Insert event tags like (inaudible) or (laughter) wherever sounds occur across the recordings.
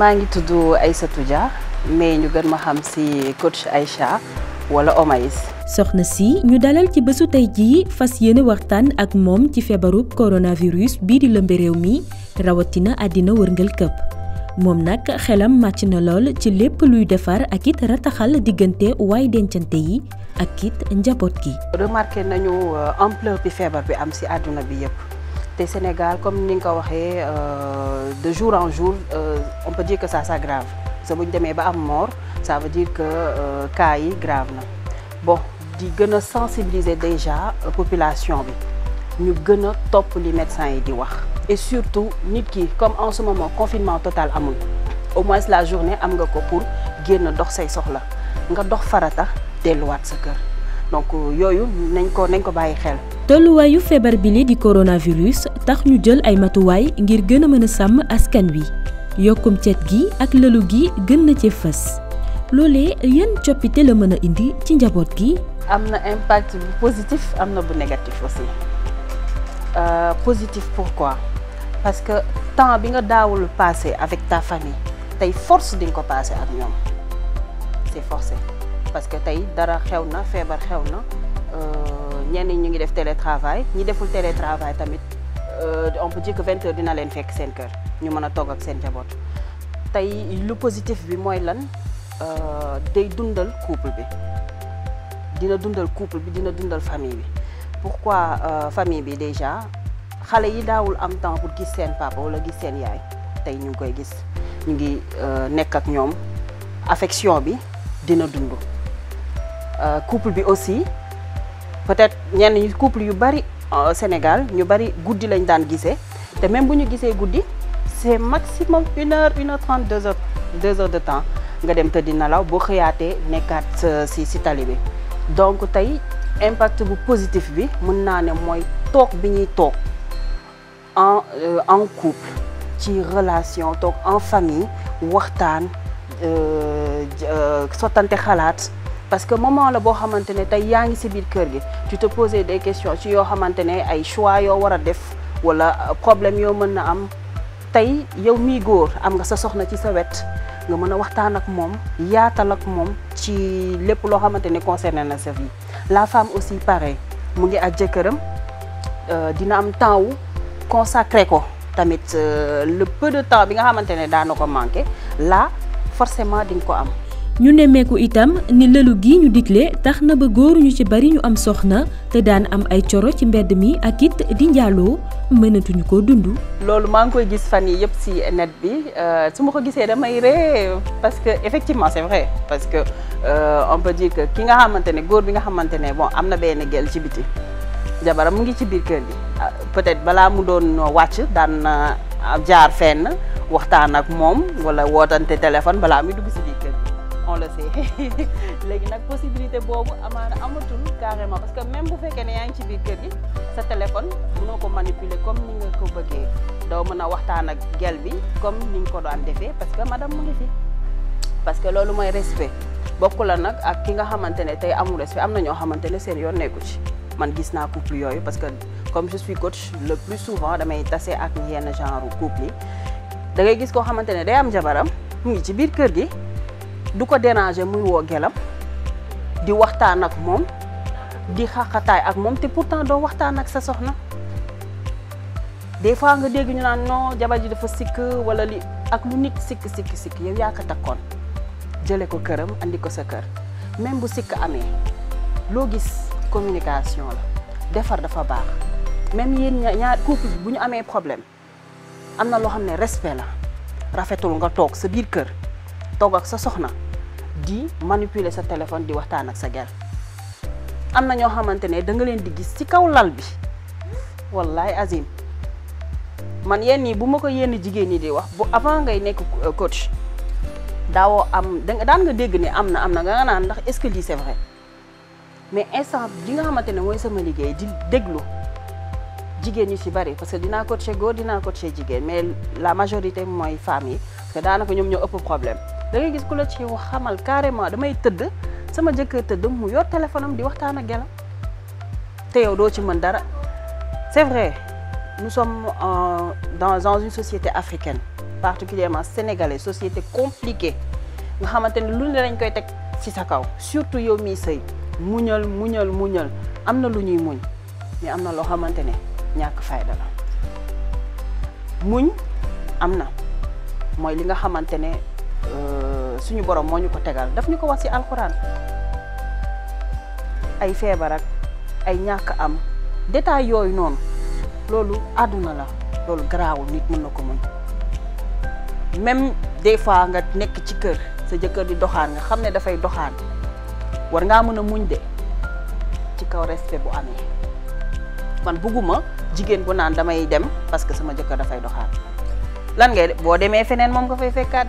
mangi ngi aïssa Aïssatou Dia mais ñu gën ma xam ci coach Aïcha wala Omaïs. soxna si ñu dalal ci bësu tay ji fas yene waxtaan ak mom ci feebaru coronavirus bi di lembe rew mi rawatina adina wërngël kep Mom nak xelam match na lol ci lépp luy defar ak it rataxal digënté way dencante yi ak it njabot gi. remarqué nañu euh, ampleur bi feebar bi am ci aduna bi yépp Au Sénégal comme nous nga dit, euh, de jour en jour euh, on peut dire que ça s'aggrave Si vous avez ba mort ça veut dire que euh, cas est grave bon di faut sensibiliser déjà population Nous, ñu top top médecins et di et surtout nit ki comme en ce moment confinement total au moins la journée am nga ko pour génn dox say soxla nga dox farata de sa cœur donc yooyu nañ ko nañ ko bàyyi xel tolluwaayu feebar bile di coronavirus tax ñu jël ay matuwaay ngir a mën a askan wi gi ak gi gën na ci indi ci gi. impact positif am négatif aussi euh, positif pourquoi parce que temps bi nga passé avec ta famille tey force di ko passé ak c'est forcé parce que tey dara xew ñenn ngi télétravail euh, on peut dire que 20 heures dina len fekk seen cœur ñu mëna ak positif bi lan euh, couple bi dina couple famille pourquoi euh, famille déjà yi temps pour papa yaay ñu koy ñu ngi ak affection couple aussi peut-être a couple yu au euh, Sénégal ñu bari Goudi lañ daan gisee et même bu ñu gisee c'est maximum 1 heure 1 heure 30 2 heures heures de temps euh, donc l'impact impact positif est que nous en couple en relation en famille euh, soit parce que moment la tu xamante ne tu te poses des questions ci yoo choix ou tu def wala euh, problème yoo problèmes am yow am nga sa soxna ci sa wet a ak mom. yaatal ak sa vie la femme aussi pareil est euh, à temps consacré euh, le peu de temps bi nga là forcément ding am. ñu nemmeeku itam ni lelu gi ñu diglé taxna ba góor ñu ci bari ñu am soxna te daan am ay cioro ci mbedd mi ak it di ndialo mënatuñu koo dund loolu maa ngi gis fan yi si net bi euh suma ko gisé damay ree parce que effectivement c'est vrai parce que euh, on peut dire que ki nga xamante goor bi nga xamante bon amna na gel ci biti jabaram mu ngi ci biir kër bi ah, peut-être bala mu doon wacc daan jaar fenn waxtaan ak mom wala wootante téléphone bala mi dugg ci on le sait (laughs) léegi nag possibilité boobu amaana amatul carrément parce que même bu fekkee ne yaa ngi ci biir kër gi sa téléphone mënoo ko manipuler comme ni nga ko bëggee doo mën a waxtaan ak gel bi comme ni nga ko daan defee parce que madame parce que loolu mooy respect bokku la nag ak ki nga xamante ne tey amul respect am na ñoo xamante ne seen yoon nekku ci man gis naa couple yooyu parce que comme je suis coach le plus souvent damay tase ak yenn genre couple yi da gis koo xamante ne day am jabaram mu ngi ci biir kër gi duko ko déranger muy wo gelam di waxtaan ak mom di xaxataay ak mom te pourtant do waxtaan ak sa soxna des fois nga dégg ñu naan non jabar ji dafa sik wala li ak lu nit sik sik sik yow ya ka takkon jëlé ko kërëm andi ko sa kër même bu sik amé lo gis communication la défar dafa baax même yeen ñaar couple bu ñu problème amna lo xamné respect la rafetul nga tok sa biir kër toog ak sa soxna di manipuler sa téléphone di waxtaan ak sa ger am na ñoo xamante ne danga leen di gis ci kaw lal bi wallaay azim man yenn yi bu ma ko yenn jigéen ñi di wax bu avant ngay nekk euh, coach daawoo am daan nga dégg ni am na am na nga naan ndax est-ce que lii c'est mais instant li nga xamante ne mooy sama liggéey di déglu jigéen ñu ci bari parce que dinaa coacher goo dinaa coacher jigéen mais la majorité mooy femmes yi parce que daanaka ñoom ñoo ëpp problème. da ngay gis ku la ci xamal carrément damay tëdd sama jëkkër tëdd mu yor téléphone am di waxtaan ak gelam yow doo ci mën dara c'est vrai nous sommes euh, dans une société africaine particulièrement sénégalaise société compliquée nga xamante ne lu ne lañ koy teg ci sa kaw surtout yow mii sëy muñal muñal muñal am na muñ mais amna na loo xamante ne ñàkk fayda la muñ am na mooy li nga xamante euh, suñu borom moñu ko tégal daf ñuko wax ci alcorane ay fièvre ak ay ñaak am détail yoy non lolu aduna la lolu garaawul nit mëna ko mën même des fois nga nek ci kër sa jëkkër di doxaan nga xamné ne fay doxaan war nga mëna muñ dé ci kaw respect bu amé man buguma jigen bu nan damay dem parce que sama da fay doxaan lan ngay bo démé fenen mom nga fay fekkat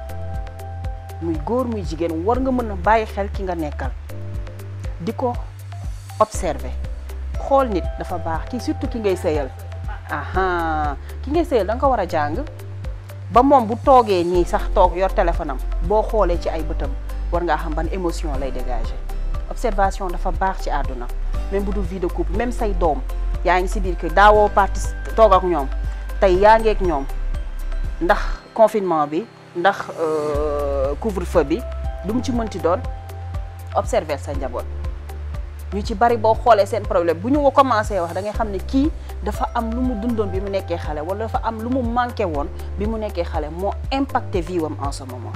muy góor muy jigéen war nga mën a bàyyi xel ki nga nekkal di ko observer xool nit dafa baax ki surtout ki ngay sëyal aha ki ngay sëyal da nga ko war a jàng ba moom bu toogee nii sax toog yor téléphone am boo xoolee ci ay bëtam war ngaa xam ban émotion lay dégager observation dafa baax ci àdduna même bu dul vie de couple même say doom yaa ngi si biir kër daawoo parti toog ak ñoom tey yaa ngeeg ñoom ndax confinement bi ndax euh, couvre-feu bi lu mu ci mënti doon observer sa njaboot ñu ci bari boo xoolee seen problème bu ñu commencé wax da ngay xam ne kii dafa am lu mu dundoon bi mu nekkee xale wala dafa am lu mu manqué woon bi mu nekkee xale moo impacté vie wam en ce moment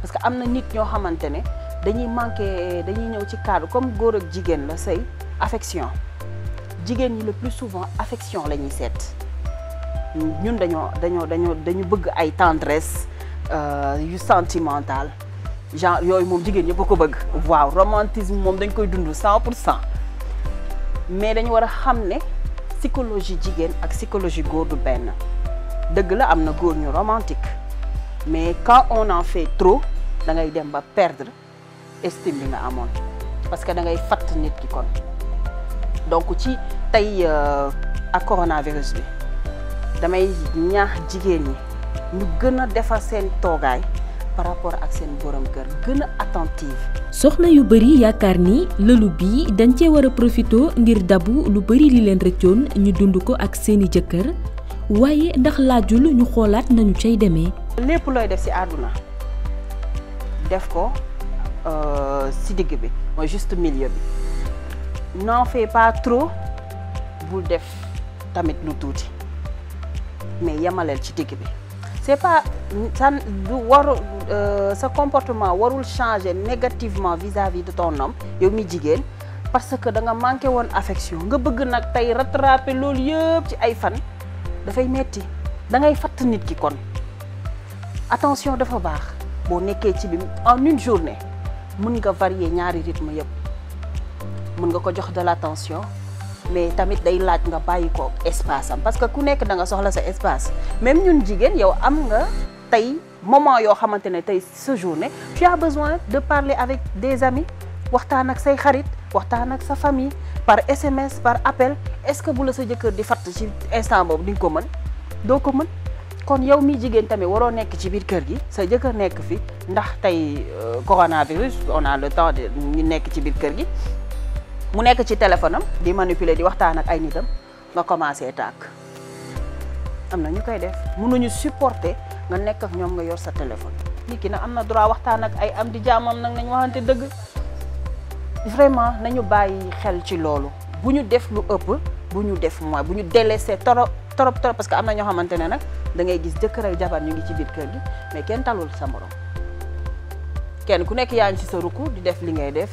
parce que am na nit ñoo xamante ne dañuy manqué dañuy ñëw ci cadre comme góor ak jigéen la sëy affection jigéen ñi le plus souvent affection la ñuy seet ñun dañoo dañoo dañoo dañu bëgg ay tendresse euh, yu sentimental genre yoy mom jigen ñepp ko bëgg waaw romantisme mom dañ koy dund 100%, mais dañu wara xamné psychologie jigen ak psychologie góor du benn dëgg la amna na ñu romantique mais quand on en fait trop da ngay dem ba perdre estime bi nga parce que da ngay fatt nit ki kon donc ci euh, à coronavirus bi damay ñaax jigen ñi lu gën a defar seen toogaay par rapport ak seen borom kër gën a attentive. soxna yu bëri yaakaar ni lëlu bii dañ cee war a profito ngir dabu lu bari li leen rëccoon ñu dund ko ak seeni jëkkër waaye ndax laajul ñu xoolaat nañu cay demee. lépp looy def ci àdduna def ko euh, ci digg bi mooy juste milieu bi n'en fais pas trop bul def tamit lu tuuti mais yemaleel ci digg bi. c'est pas ça du euh, ce comportement warul changer négativement vis-à-vis de ton homme yow mi jigen parce que da nga manqué won affection nga bëgg nak tay rattraper loolu yëpp ci ay fan fay metti da ngay fat nit ki kon attention dafa bax bo nekkee ci bim en une journée mën nga varier ñaari rythme yëpp mën nga ko jox de l'attention mais tamit day laaj nga bàyyi ko espace am parce que ku nekk da nga soxla sa espace même ñun jigéen yow am nga tey moment yoo xamante ne tey sa journée tu as besoin de parler avec des amis waxtaan ak say xarit waxtaan ak sa famille par SMS par appel est-ce que bu la sa jëkkër di fatt ci instant boobu di nga ko mën doo ko mën kon yow mi jigéen tamit waroo nekk ci biir kër gi sa jëkkër nekk fi ndax tey euh, coronavirus on a le temps de ñu nekk ci biir kër gi mu nekk ci téléphone am di manipuler di waxtaan ak ay nitam nga commencé tàkk am na ñu koy def mënuñu supporter nga nekk ñoom nga yor sa téléphone nit ki nag am na droit waxtaan ak ay am di jaamam nag nañu waxante dëgg vraiment nañu bàyyi xel ci loolu bu ñu def lu ëpp bu ñu def mooy bu ñu délaissé trop trop trop parce que am na ñoo xamante ne nag da ngay gis jëkkër ak jabar ñu ngi ci biir kër gi mais kenn talul sa morom kenn ku nekk yaa ngi ci sa di def li ngay def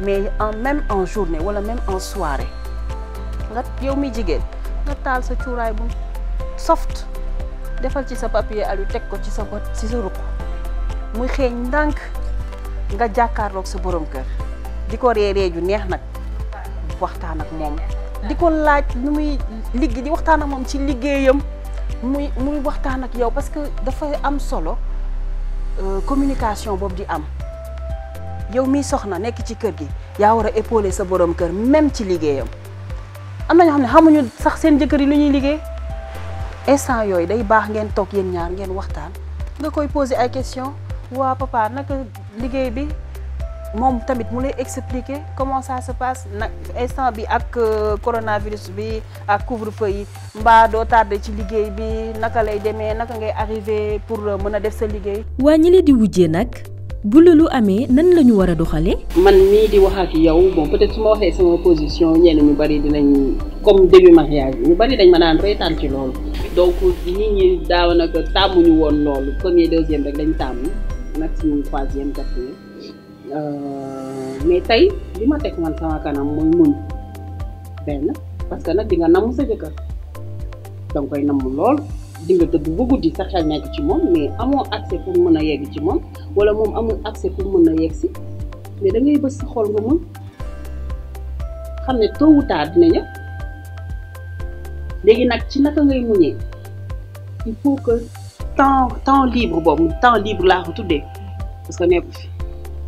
mais même en journée ou même en soirée nga nga tal sa bu soft defal ci sa papier alu ko ci sa bot ci sa muy xéñ nga sa borom kër diko tu ju neex nak waxtaan ak mom diko laaj nu muy di waxtaan ak mom ci liggéeyam muy muy waxtaan ak yow parce que dafa am solo euh, communication bob di am yow miy soxna nekk ci kër gi yaa war a épauler sa borom kër même ci liggéeyam am na ñoo xam ne xamuñu sax seen jëkkër yi lu ñuy liggéey instant yooyu day baax ngeen toog yéen ñaar ngeen waxtaan nga koy poser ay question waa papa naka liggéey bi moom tamit mu lay expliquer comment ça se passe nag instant bi ak euh, coronavirus bi ak couvre-feu yi mbaa doo tardé ci liggéey bi naka lay demee naka ngay arrivé pour euh, mën a def sa liggéey. waa ñi leen di wujjee nag. bu la amee nan lañu ñu war a doxalee. man mii di wax ak yow bon peut-être su ma waxee sama position ñenn ñu bari dinañ comme début mariage ñu bari dañ ma naan reetaan ci loolu. donc nit ñi daaw nag tàmmuñu woon loolu premier deuxième rek dañ tàmm maximum troisième quatrième euh, mais tey li ma teg man sama kanam mooy mun benn parce que nag di nga namm sa jëkkër da nga koy namm lool. di nga tëdd guddi sa xel nekk ci moom mais amoo accès pour mën a yegg ci moom wala moom amul accès pour mën a yegg si mais da ngay bës sa xol nga mën xam ne tôt ou dina ñëw léegi nag ci naka ngay muñee il faut que temps temps libre boobu temps libre laa ko tuddee parce que nekk fi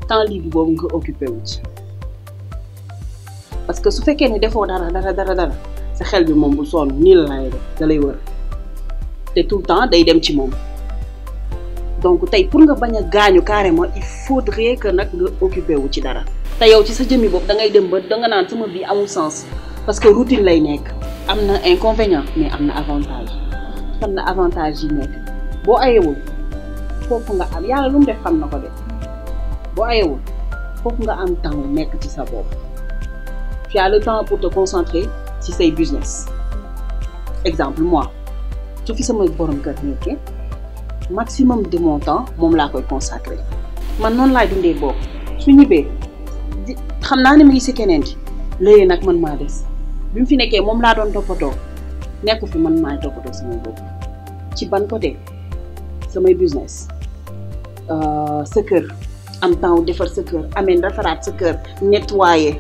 temps libre boobu nga occupé wu ci parce que su fekkee ne defoo dara dara dara dara sa xel bi moom bu sonn nii la lay def da lay wër te tout temps day dem ci moom donc tey pour nga bañ a gaañu carrément il faudrait que nag nga occupé wu ci dara te yow ci sa jëmmi bopp da ngay dem ba danga naan sama bii amul sens parce que routine lay nekk am na inconvénient mais am na avantage fan la avantage yi nekk boo ayewul foofu nga am yàlla lu mu def xam na ko de boo ayewul foofu nga am temps nekk ci sa bopp tu as le temps pour te concentrer ci say business exemple moi su fi sama borom kër nekkee maximum de mon temps moom laa koy consacré man noonu laay dundee boobu su ñibbee xam naa ne mi ngi si keneen ci léegi nag man maa des bi mu fi nekkee moom laa doon toppatoo nekku fi man maay toppatoo sama bopp ci ban côté samay business euh, sa kër am temps wu defar sa kër ameen rafaraat sa kër nettoyer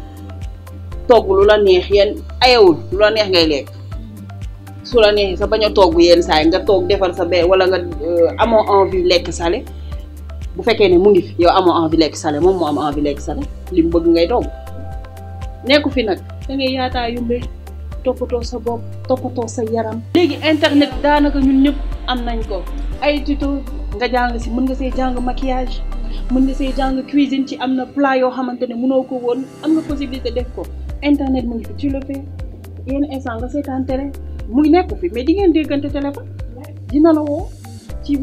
togg lu la neex yéen ayewul lu la neex ngay lekk sola ni sa baña a togg yenn nga sa wala nga euh, envie lek salé bu mu ngi envie lek salé am envie lek salé bëgg ngay fi sa sa yaram. internet naka ñun ñëpp am nañ ko ay nga jàng si mën nga maquillage mën nga cuisine ci na plat yoo ne ko am nga possibilité def ko internet mu fi tu le fais télé fi mais di ngeen déggante téléphone dina la ci ak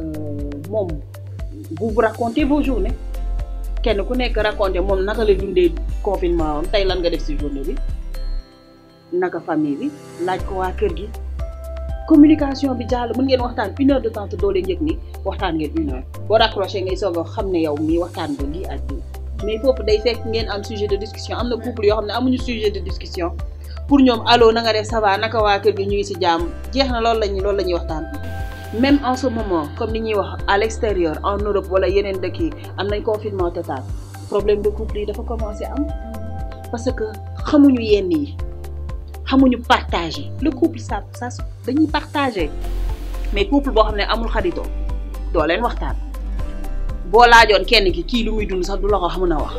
euh, vous vous racontez vos journées kenn ku nekk raconté moom naka la dundee confinement woon tey lan nga def si journée famille bi communication bi jàll mën une heure de temps te doo leen une heure mais foofu day fekk ngeen am sujet de discussion am na couple yoo xam ne amuñu sujet de discussion pour ñoom allo na nga def ça va naka waa kër gi ñu ngi ci jàmm jeex na loolu lañu loolu la ñuy waxtaan même en ce moment comme ni ñuy wax à l'extérieur en Europe wala yeneen dëkk yi am nañ confinement total problème de couple yi dafa commencé am parce que xamuñu yenn yi xamuñu partager le couple ça ça dañuy partager mais couple boo xam ne amul xaritoo doo leen waxtaan. boo laajoon kenn ki kii lu muy dund sax du la ko xam na wax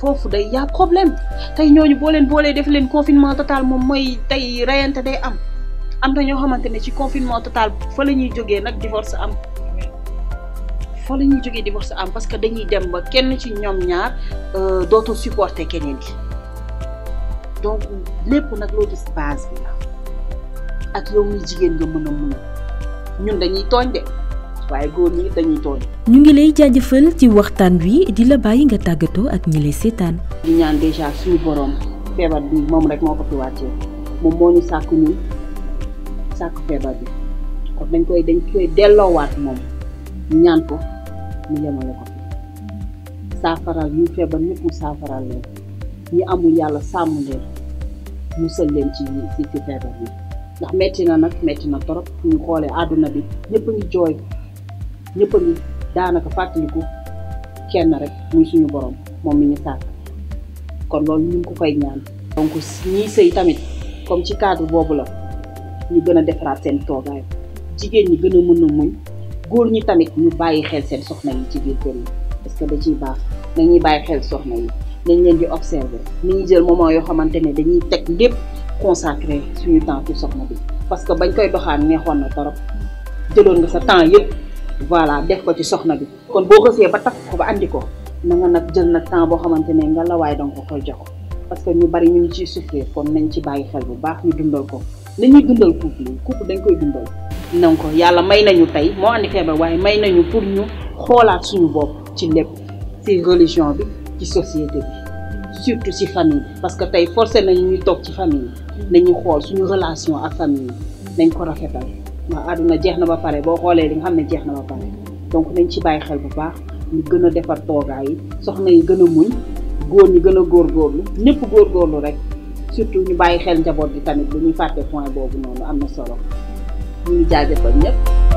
foofu day y'a problème tey ñooñu boo leen boolee def leen confinement total moom mooy tey reyante day am am na ñoo xamante ne ci confinement total fa la ñuy jógee nag divorce am fa la ñuy jógee divorce am parce que dañuy dem ba kenn ci ñoom ñaar euh, dootul supporter keneen ki donc lépp nag loolu base bi ak yow jigéen nga mën a muñ ñun dañuy tooñ de. waaye góor ñi dañuy tooñ. ñu ngi lay jaajëfal ci waxtaan wi di la bàyyi nga tàggatoo ak ñi lay seetaan. di ñaan déjà suñu borom feebar bi moom rek moo ko fi wàccee moom moo ñu sàkk ñun sàkk feebar bi kon dañ koy dañ koy delloowaat moom ñaan ko mu yemale ko yu feebar ñëpp mu saafaraal leen amul yàlla sàmm leen musal leen ci ci feebar bi. ndax metti na nag metti na trop ñu xoolee àdduna bi ñëpp ngi jooy ñëpp a ngi daanaka fàttaliku kenn rek muy suñu borom moom mi ñu tàkk kon loolu ñu ko koy ñaan. donc ñiy sëy tamit comme ci cadre boobu la ñu gën a defaraat seen toogaay jigéen ñi gën a mën a muñ góor ñi tamit ñu bàyyi xel seen soxna yi ci biir kër ciy baax nañuy bàyyi xel soxna yi nañ leen di observer ni ñuy jël moment yoo xamante ne dañuy teg lépp consacré suñu temps ci soxna bi parce que bañ koy doxaan neexoon na torop jëloon nga sa temps yëpp. voilà def ko ci soxna bi kon boo xësee ba takk ko ba andi ko na nga nag jël nag temps boo xamante ne nga la waaye danga ko koy jox parce que ñu bari ñu ngi ciy souffrir kon nañ ci bàyyi xel bu baax ñu dundal ko nañuy dundal couple yi couple dañ koy dundal. na ko yàlla may nañu tey moo andi feebar waaye may nañu pour ñu xoolaat suñu bopp ci lépp ci religion bi ci société bi surtout ci famille parce que tey forcé nañu ñuy toog ci famille nañu xool suñu relation ak famille nañ ko rafetal. àdduna jeex na ba pare boo xoolee li nga xam ne jeex na ba pare donc nañ ci bàyyi xel bu baax ñu gën a defar toogaay yi soxna yi gën a muñ góor ñi gën a góorgóorlu ñëpp góorgóorlu rek surtout ñu bàyyi xel njaboot bi tamit bu ñuy fàtte point boobu noonu am na solo ñu ngi jaajëfal ñëpp